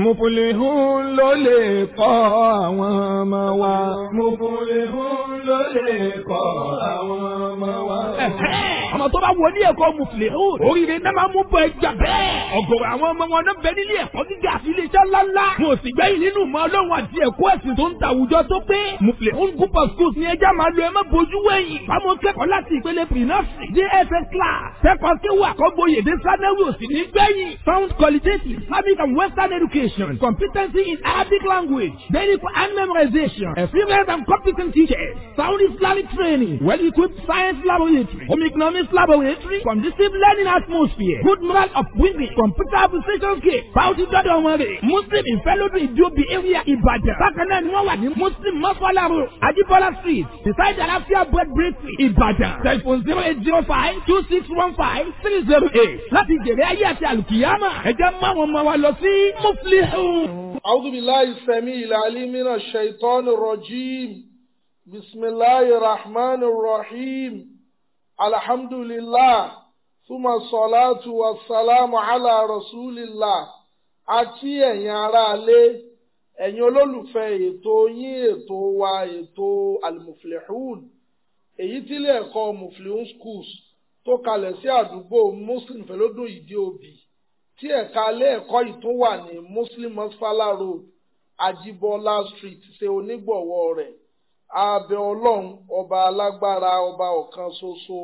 Mupulihun ló lè kọ́ àwọn ọmọ wa. Mupulihun ló lè kọ́ àwọn ọmọ wa. ọmọ tó bá wọlé ẹ̀kọ́ muflihun oríire náà máa mú bọ ẹja bẹ́ẹ̀. ọ̀gọ̀rọ̀ àwọn ọmọ wọn náà bẹ nílé ẹ̀kọ́ gíga àti iléeṣẹ́ ńláńlá. mo sì gbẹ́yìn nínú ìmọ̀ ọlọ́run àti ẹ̀kọ́ ẹ̀sìn tó ń ta àwùjọ tó pé. muflihun group of schools ni ẹja máa lo ẹ má wẹ̀yìn. bámu kẹ́kọ̀ọ́ láti ìpele pre-nursery dss class. sound qualitative Islamic and Western education competency in Arabic language. clinical and memorization, experienced and competent teachers sound Islamic training, well-equipped science laboratory, home economics laboratory, conducive learning atmosphere, good moral of women, computer application kit, bounty dọ́dọ̀ wọn rè. Muslim ìfẹ́lódún ìdíòbí area Ìbàdàn. Bákan náà ni wọ́n wà ní Muslim Mọ́fọ́lárò, Ajibola street, beside Alafia bread bakery, Ìbàdàn. Telephone zero eight zero five two six one five three zero eight. Láti jèrè ayé àti àlùkìyámà, ẹ jẹ́ mú àwọn ọmọ wa lọ sí Muflihu. A'udhu billahi as-sami'il 'alim minash shaitanir rajim. بسم الله الرحمن الرحيم الحمد لله ثم الصلاة والسلام على رسول الله àti ẹ̀yin aráalé ẹ̀yin olólùfẹ́ ètò yín ètò wa ètò almuflihun èyí tílé ẹ̀kọ́ muflihun schools tó kalẹ̀ sí àdúgbò muslim fẹlódún ìdí òbí tí ẹ̀ka ilé ẹ̀kọ́ yìí tún wà ní muslim masfala road ajibola street ṣe onígbọ̀wọ́ rẹ̀ abẹ ọlọ́run ọba alágbára ọba ọ̀kan ṣoṣo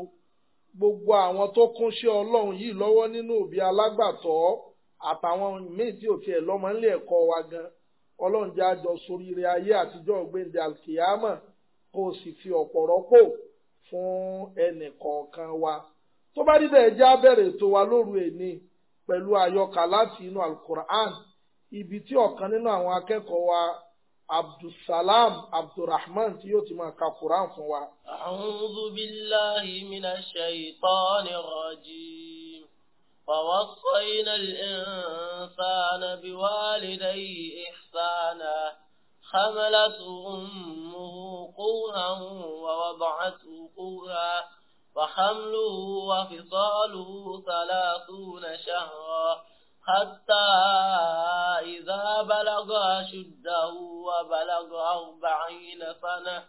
gbogbo àwọn tó kúnṣẹ́ ọlọ́run yìí lọ́wọ́ nínú òbí alágbàtọ́ àtàwọn míì tí ò tiẹ̀ lọ́mọ nílé ẹ̀kọ́ wa gan ọlọ́run jẹ́ àjọ soríire ayé àtijọ́ ògbéǹde alkiyama kó o sì fi ọ̀pọ̀ rọ́pò fún ẹnì kọ̀ọ̀kan wa tó bá dídẹ̀ ẹjẹ́ abẹ́rẹ́ ètò wa lóru èní pẹ̀lú àyọkà láti inú alukur'an ibi tí ọ̀kan nínú àwọn akẹ́kọ̀ọ́ wa عبد السلام عبد الرحمن تيوتي ما كفران فوا أعوذ بالله من الشيطان الرجيم ووصينا الإنسان بوالديه إحسانا حملت أمه قوها ووضعته قوها وحمله وفصاله ثلاثون شهرا حتى إذا بلغ أشده وبلغ أربعين سنة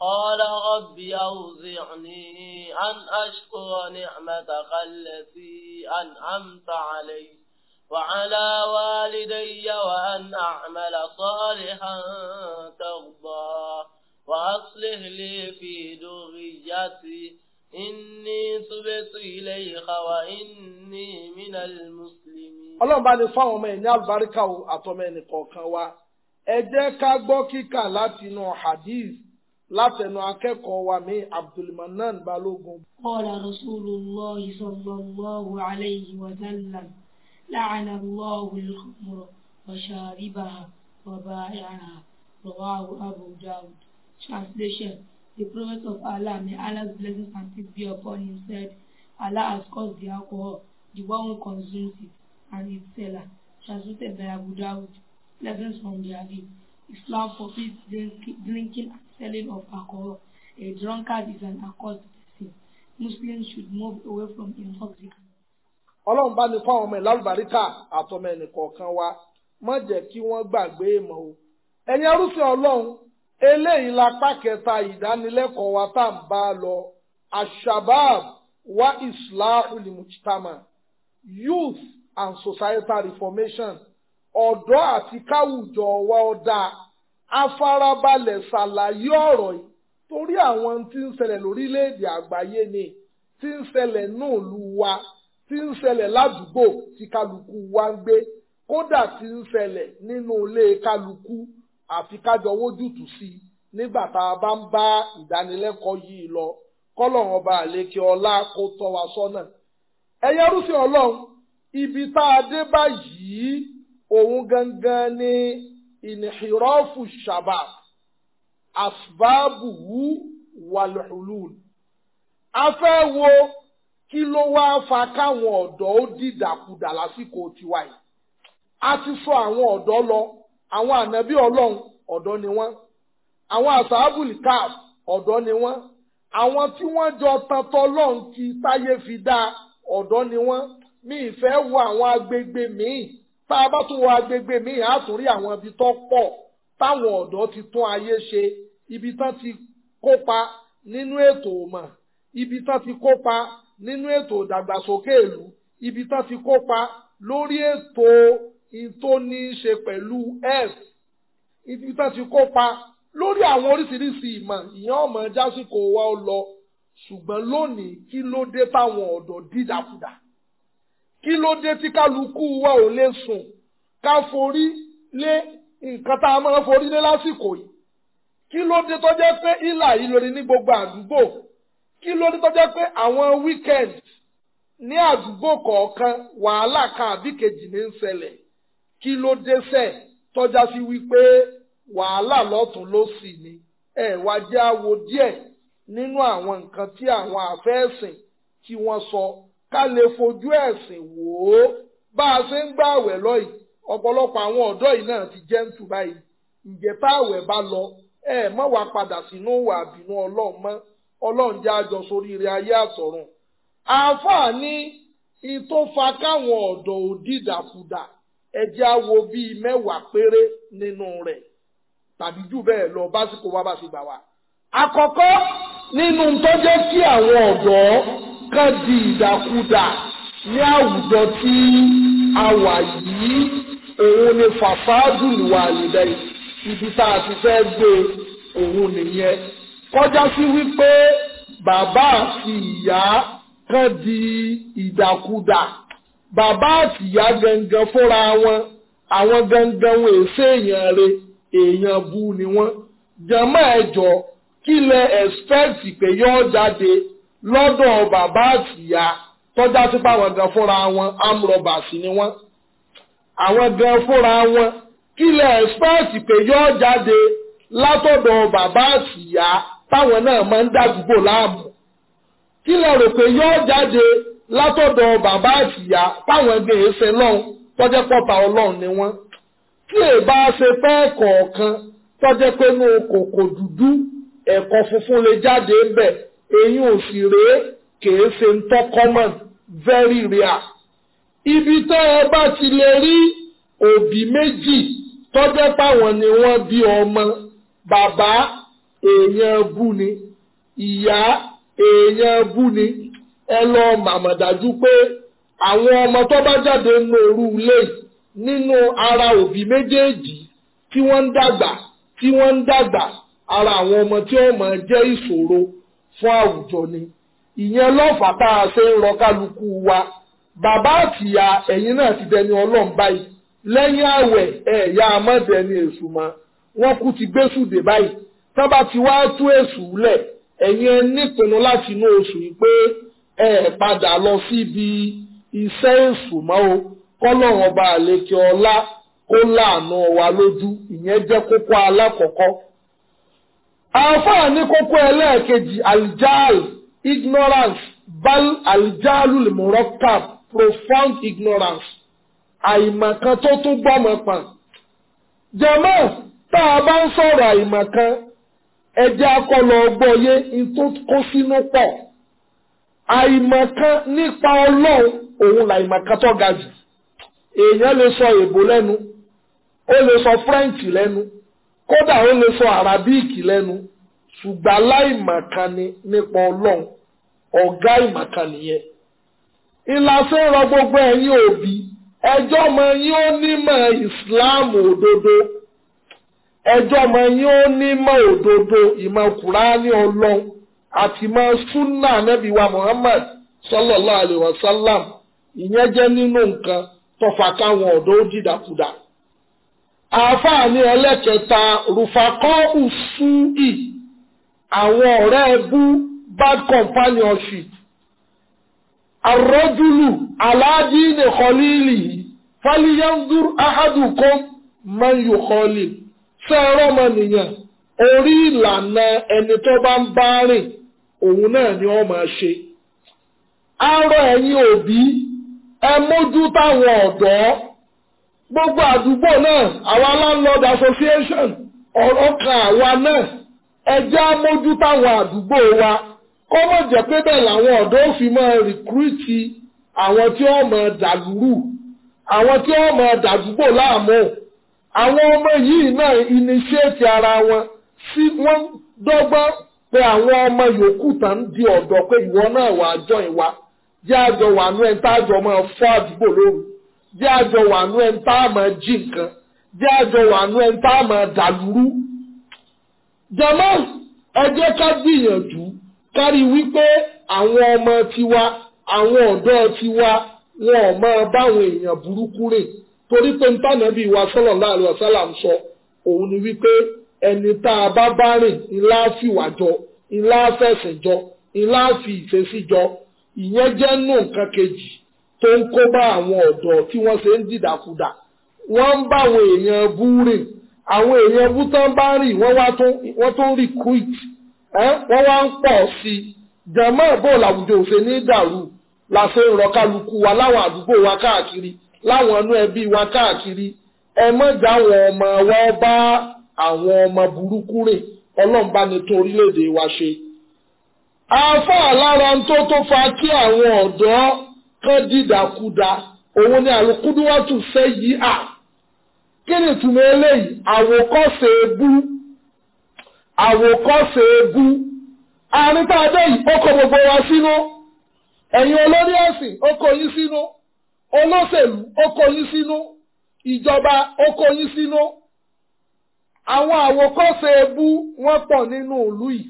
قال رب أوزعني أن أشكر نعمتك التي أنعمت علي وعلى والدي وأن أعمل صالحا ترضى وأصلح لي في ذريتي إني تبت إليك وإني من المسلمين ọlọ́run bá ní fáwọn ọmọ ẹ̀ ní àlùbáríkà àtọmọ ẹnì kọ̀ọ̀kan wa ẹ jẹ́ ká gbọ́ kíkà látinú hadith látẹnu akẹ́kọ̀ọ́ wa mi abdulmanan balógun. qala rasulullah sallallahu alayhi wa sallam la'ana allahu al-khamra wa sharibaha wa ba'i'aha rawahu abu dawud. translation the prophet of allah may allah's blessings and peace be upon him said allah has caused the alcohol the one who consumes it and its seller, transmitted by Abu Dawud. Lessons from the Hadith. Islam forbids drinking and selling of alcohol. A drunkard is an accursed sin. Muslims should move away from intoxication. Ọlọ́run bá ní fáwọn ọmọ ẹ̀ lálùbáríkà àtọmọ ẹnì kọ̀ọ̀kan wa má jẹ́ kí wọ́n gbàgbé ìmọ̀ o. Ẹ̀yin arúsìn Ọlọ́run eléyìí lápá kẹta ìdánilẹ́kọ̀ọ́ wa tá à ń bá a lọ ashabab wa islahu limujtama youth and societal reformation ọ̀dọ́ àti káwùjọ wa ọ̀dà afárabalẹ̀ ṣàlàyé ọ̀rọ̀ yìí torí àwọn tí ń ṣẹlẹ̀ lórílẹ̀‐èdè àgbáyé ni tí ń ṣẹlẹ̀ náà lù wá tí ń ṣẹlẹ̀ ládùúgbò tí kálukú wa ń gbé kódà tí ń ṣẹlẹ̀ nínú ilé kálukú àfi kájọ wójútù sí i nígbà tá a bá ń bá ìdánilẹ́kọ̀ọ́ yìí lọ kọ́lọ́run ọba àlékè ọlá kó tọ́ wa sọ́nà ẹ̀yẹ́rú sí ọlọ́run ibi tá a dé báyìí òun gangan ni ìnìhìrọ́fù shabab asbabuhu walhulul a fẹ́ wo kí ló wá fa káwọn ọ̀dọ́ ó dìdàkudà lásìkò tiwa yìí a ti sọ àwọn ọ̀dọ́ lọ àwọn ànábì ọlọ́run ọ̀dọ́ ni wọ́n àwọn àsáàbùlì ọ̀dọ́ ni wọ́n àwọn tí wọ́n jọ tantọ́ ọlọ́run kí táyé fi dá ọ̀dọ́ ni wọ́n mi ìfẹ́ wo àwọn agbègbè míì tá a bá tún wo agbègbè míì á tún rí àwọn ibi tó pọ̀ táwọn ọ̀dọ́ ti tún ayé ṣe ibi tán ti kópa nínú ètò ọmọ ibi tán ti kópa nínú ètò ìdàgbàsókè ìlú ibi tán ti kópa lórí ètò tó ní í ṣe pẹ̀lú health ibi tán ti kópa lórí àwọn oríṣiríṣi ìmọ̀ ìyẹn ọmọ jásìkò wa ó lọ ṣùgbọ́n lónìí kí ló dé táwọn ọ̀dọ́ dídàkudà kí ló dé tí kálukú wa ò lè sùn ká forí lé nǹkan tá a máa forí lé lásìkò yìí kí ló dé tó jẹ́ pé ìlà yìí lórí ní gbogbo àdúgbò kí ló dé tó jẹ́ pé àwọn weekend ní àdúgbò kọ̀ọ̀kan wàhálà kan àbí kejì ní ń ṣẹlẹ̀ kí ló dé sẹ̀ tọ́já sí wípé wàhálà lọ́tún ló sì ni ẹ wá jẹ́ àwo díẹ̀ nínú àwọn nǹkan tí àwọn àfẹ́sìn tí wọ́n sọ ká lè fojú ẹ̀sìn wò ó bá a ṣe ń gbààwẹ̀ lọ́yìí ọ̀pọ̀lọpọ̀ àwọn ọ̀dọ́ yìí náà ti jẹ́ ń tù báyìí ǹjẹ́ táwẹ̀ bá lọ ẹ mọ́ wàá padà sínú ìwà àbínú ọlọ́run mọ́ ọlọ́run jẹ́ àjọ sóríire ayé àtọ̀run àáfàá ní ìtò fa káwọn ọ̀dọ́ òdìdàkudà ẹjẹ́ á wo bíi mẹ́wàá péré nínú rẹ̀ tàbí jù bẹ́ẹ̀ lọ básìkò wá bá sì gbà wá. àkọ́kọ́ nínú tó jẹ́ kí àwọn ọ̀dọ́ kán di ìdàkudà ní àwùjọ tí a wà yìí òun ni fàfáàdù ìwà àlùdẹ ibi tá a ti fẹ́ gbé òun nìyẹn kọjá sí wípé bàbá àti ìyá kán di ìdàkudà bàbá àti ìyá gangan fúnra wọn àwọn gangan wọn èsè èèyàn rẹ̀ èèyàn bu ni wọn jẹmọ́ ẹjọ́ kí lẹ expect pé yóò jáde lọ́dọ̀ bàbá àtìyá tọ́já sí pàwọn gan fúnra wọn amrọ̀bà sí ni wọ́n àwọn gan fúnra wọn kílẹ̀ ẹ̀sìpẹ́ẹ̀sì pé yóò jáde látọ̀dọ̀ bàbá àtìyá táwọn náà máa ń dàdúgbò láàmú kílẹ̀ rò pé yóò jáde látọ̀dọ̀ bàbá àtìyá táwọn gan èsè lọ́hùn tọ́jẹ́ pọ̀ta ọlọ́run ni wọ́n tí è bá ṣe pẹ́ kọ̀ọ̀kan tọ́jẹ́ pé inú kòkò dúdú ẹ̀kọ́ funfun lè jáde ń bẹ̀ èyí ò sì rèé kèé ṣe ń tọ́kọ́mọ̀ very rare. ibi tẹ́ ẹ bá ti lè rí òbí méjì tọ́jẹ́ páwọn ni wọ́n bí ọmọ bàbá èèyàn bú ni ìyá èèyàn bú ni ẹ lọ màmọ̀ dájú pé àwọn ọmọ tó bá jáde nínú òru ilé nínú ara òbí méjèèjì tí wọ́n ń dàgbà tí wọ́n ń dàgbà ara àwọn ọmọ tí wọ́n mọ̀ jẹ́ ìṣòro fún àwùjọ ni ìyẹn lọ́fà tá a ṣe ń rọ kálukú wa bàbá àtìyá ẹ̀yin náà ti dẹni ọlọ́run báyìí lẹ́yìn àwẹ̀ ẹ̀yà amọ́dẹni èṣù mọ́ wọ́n kú ti gbésùdè báyìí tábà ti wá tú èṣù lẹ̀ ẹ̀yin ẹ nípinnu láti inú oṣù yìí pé ẹ padà lọ síbi iṣẹ́ èṣù mọ́ o kọ́lọ́run ọba àlekè ọlá kó láàánú wa lójú ìyẹn jẹ́ kókó alákọ̀ọ́kọ́ àáfàá ní kókó ẹlẹ́ẹ̀kejì aljal ignorance bal aljalul murakkab profound ignorance àìmọ̀kan tó tún gbọ́mọ pọ̀n. jẹ́mọ́ tá a bá ń sọ̀rọ̀ àìmọ̀kan ẹjẹ́ akọlọ ọgbọ́yé tó kó sínú pọ̀. àìmọ̀kan nípa ọlọ́run òun làìmọ̀kan tó ga jù. èèyàn lè sọ èbó lẹ́nu ó lè sọ french lẹ́nu kódà ó lè sọ arabic lẹ́nu ṣùgbọ́n aláìmàkàní nípa ọlọ́run ọ̀gá ìmàkàní yẹn. ìlàsẹ̀ ọ̀rọ̀ gbogbo ẹ̀yin òbí ẹjọ́ ọmọ yín ó nímọ̀ Islam òdodo ẹjọ́ ọmọ yín ó nímọ̀ òdodo ìmọ̀ Kùránì ọlọ́run àti ìmọ̀ nẹ́bí Muhammad sallallahu alayhi wa sallam ìyẹn jẹ́ nínú nǹkan tọ́fà káwọn ọ̀dọ́ ó dìdàkudà. àwọn ọ̀rẹ́ ẹbú bad companionship arọ́júlù aládìíní kọlíìlì fàlíyàndúr ahadùkún mayu kọlì sẹ́rọ̀ ọmọnìyàn orí ìlànà ẹni tó bá ń bá rìn òun náà ni wọ́n máa ṣe arọ ẹ̀yin òbí ẹ mójú táwọn ọ̀dọ́ gbogbo àdúgbò náà àwa landlord association ọ̀rọ̀ kan àwa náà ẹjẹ́ amójú táwọn àdúgbò wa kó mọ̀ jẹ́ pé bẹ́ẹ̀ làwọn ọ̀dọ́ fi máa rìkúrìtì àwọn tí wọ́n máa dàlúrù àwọn tí wọ́n máa dàdúgbò láàmú àwọn ọmọ yìí náà iníṣẹ́ẹ̀tì ara wọn sí wọ́n dọ́gbọ́n pé àwọn ọmọ yòókù tá ń di ọ̀dọ́ pé ìwọ náà wà jọ ìwà jẹ́ àjọ wà nú ẹni tá àjọ máa fọ́ àdúgbò lóru jẹ́ àjọ wà nú ẹni tá àmọ́ jí nǹkan jẹ́ àjọ wà nú ẹni tá àmọ́ dàlúrú jama ẹ jẹ́ ká gbìyànjú kárí wípé àwọn ọmọ tiwa àwọn ọ̀dọ́ tiwa wọn ò máa báwọn èèyàn burúkú rè torí pé ntànàbí wa sọlọ láàrin ọsálà ń sọ òun ni wípé ẹni tá a bá bá rìn ńlá fìwàjọ ńlá fẹsẹjọ ńlá fi ìfẹsíjọ ìyẹn jẹ́ nù nǹkan kejì tó ń kó bá àwọn ọ̀dọ́ tí wọ́n ṣe ń dìdàkudà wọ́n ń báwọn èèyàn bú àwọn èèyàn bútán bá rì wọ́n wá tún rí quit wọ́n wá ń pọ̀ sí i jẹ̀mọ́ ìbò làwùjọ òfin ní dàrú la ṣe ń rọ kálukú wa láwọn àdúgbò wa káàkiri láwọn inú ẹbí wa káàkiri ẹ mọ̀jà àwọn ọmọ wa bá àwọn ọmọ burúkú rè ọlọ́run bá orílẹ̀-èdè wa ṣe. àáfàá lára ń tó tó fa kí àwọn ọ̀dọ́ kan dìdàkudà òun ni àlùkùdùwàtù fẹ́ yí à kí ni ìtumọ̀ eléyìí àwòkọ́ṣe ebú àwòkọ́ṣe ebú àárín tá a dé yìí ó kó gbogbo wa sínú ẹ̀yin olórí ẹ̀sìn ó kó yín sínú olóṣèlú ó kó yín sínú ìjọba ó kó yín sínú àwọn àwòkọ́ṣe ebú wọ́n pọ̀ nínú ìlú yìí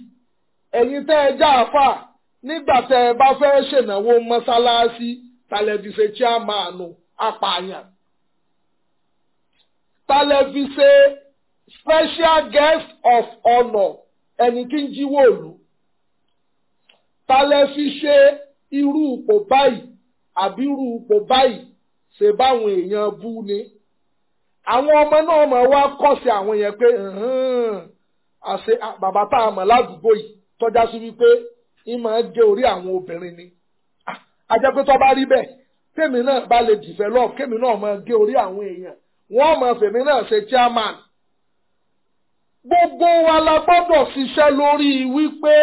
ẹ̀yin tẹ́ ẹ já àfà nígbà tẹ́ ẹ bá fẹ́ ṣènáwó mọ́sálásí tàlẹ́bìṣẹ́ chairman apààyàn tálẹ́ fi ṣe special guest of honour ẹni tí ń jíwó òlu tálẹ́ fi ṣe irú ipò báyìí àbí irú ipò báyìí ṣe báwọn èèyàn bú ni àwọn ọmọ náà mọ̀ wá kọ́ sí àwọn yẹn pé àṣẹ bàbá tá a mọ̀ ládùúgbò yìí tọ́já sí wípé ìmọ̀ gé orí àwọn obìnrin ni àjẹpẹ́tọ́ ah, bá rí bẹ́ẹ̀ kémi náà bá lè develop kémi náà mọ̀ gé orí àwọn èèyàn wọ́n mọ̀ fèmí náà ṣe chairman gbogbo wa la gbọ́dọ̀ ṣiṣẹ́ lórí wípé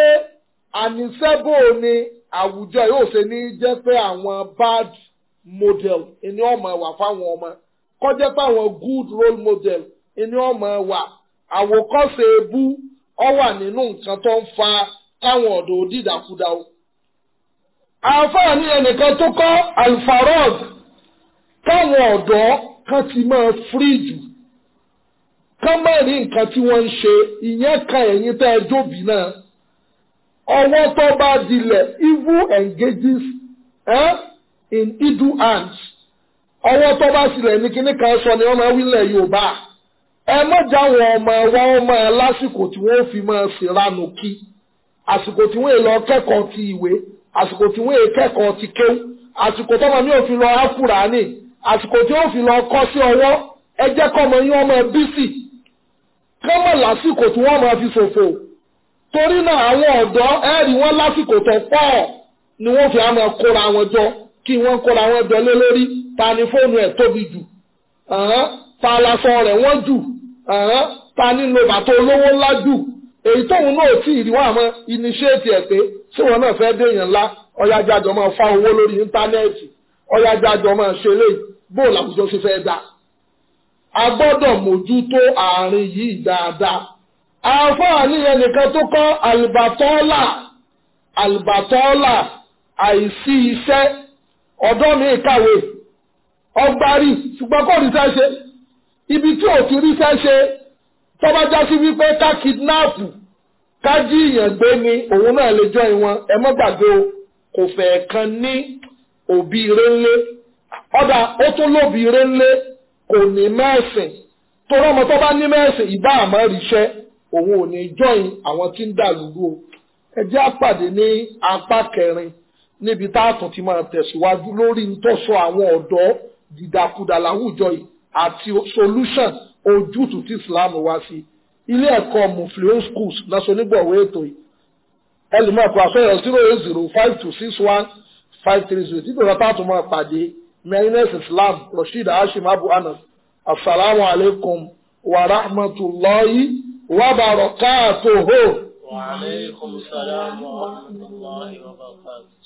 àníṣẹ́bò ni àwùjọ yóò ṣe ní jẹ́ pé àwọn bad model ni ọmọ wà fáwọn ọmọ kọjá pé àwọn good role model ni ọmọ wà àwòkọ́ṣe ebú ọ wà nínú nǹkan tó ń fa táwọn ọ̀dọ́ dídàkudà o. àǹfààní ẹnìkan tó kọ́ alfarog táwọn ọ̀dọ́ kán ti máa fíríjù kán má rí nǹkan tí wọ́n ń ṣe ìyẹn ka ẹ̀yin tá ẹ jóbi náà ọwọ́ tó bá dilẹ̀ evil engages eh, in idle hands ọwọ́ tó bá sílẹ̀ ní kíní kan sọ ni wọ́n máa wílẹ̀ Yorùbá ẹ má jáwọn ọmọ wa ọmọ lásìkò tí wọ́n fi máa ṣèrànù kí àsìkò tí wọ́n lọ kẹ́kọ̀ọ́ ti ìwé àsìkò tí wọ́n kẹ́kọ̀ọ́ ti kéwú àsìkò tó máa ní òfin lọ ákùrà ní àsìkò tí ó fi lọ kọ́ sí ọwọ́ ẹ jẹ́ kọ́mọ yín ọmọ bísì kọ́mọ̀ lásìkò tí wọ́n máa fi ṣòfò torí náà àwọn ọ̀dọ́ ẹ rí wọn lásìkò tó pọ̀ ni wọ́n fi àmọ́ kóra wọn jọ kí wọ́n kóra wọn jọ lé lórí ta ni fóònù ẹ̀ tóbi jù ta lasọ rẹ̀ wọ́n jù ta ni lo bàtà olówó ńlá jù èyí tóun náà tí ìrìwọ́ àmọ́ iníṣẹ́ẹ̀tì ẹ̀ pé tí wọn náà fẹ́ dé èèyàn ńlá ọ̀yájájọ́ máa fa owó lórí íńtánẹ́ẹ̀tì ọ̀yájájọ́ máa ṣe léyìí bó làwùjọ ṣe fẹ́ dá a gbọ́dọ̀ mójútó àárín yìí dáadáa àǹfààní ẹnìkan tó kọ́ àlùbátọ́ọ́là àlùbátọ́ọ́là àìsí iṣẹ́ ọ̀dọ́ mi kàwé ọgbárí ṣùgbọ́n kò rí sẹ́ ibi tí ò ti rí sẹ́ ṣe já sí wípé ká kidnapu ká jí ìyàn gbé ni òun náà lè jọ ìwọ̀n ẹ o kò fẹ́ kan ní òbí rẹ́lẹ́ ọ̀dà ó tún lóbìnrin lé kò ní mẹ́sìn torí ọmọ tó bá ní mẹ́sìn ìbá àmọ́ ríṣẹ́ òun ò ní jọyìn àwọn tí ń dà ẹ jẹ́ àpàdé ní apá kẹrin níbi tá a tún ti máa tẹ̀síwájú lórí ntọ́sọ àwọn ọ̀dọ́ dìdàkudà láwùjọ yìí àti solution ojútùú tí Islam wá sí ilé ẹ̀kọ́ mufleon schools lásọ̀nígbọ̀wé ètò yìí ẹlòmíràn kò àṣọ zero eight zero five two six one five three zero títí ìrọ̀lá tá a máa pàdé maynes islam rasheed hashim abu anas asalaamu alaykum wa rahmatulahi wa barakatuhu. wa aleykum salaam wa rahmatulahi wa barakatuhu.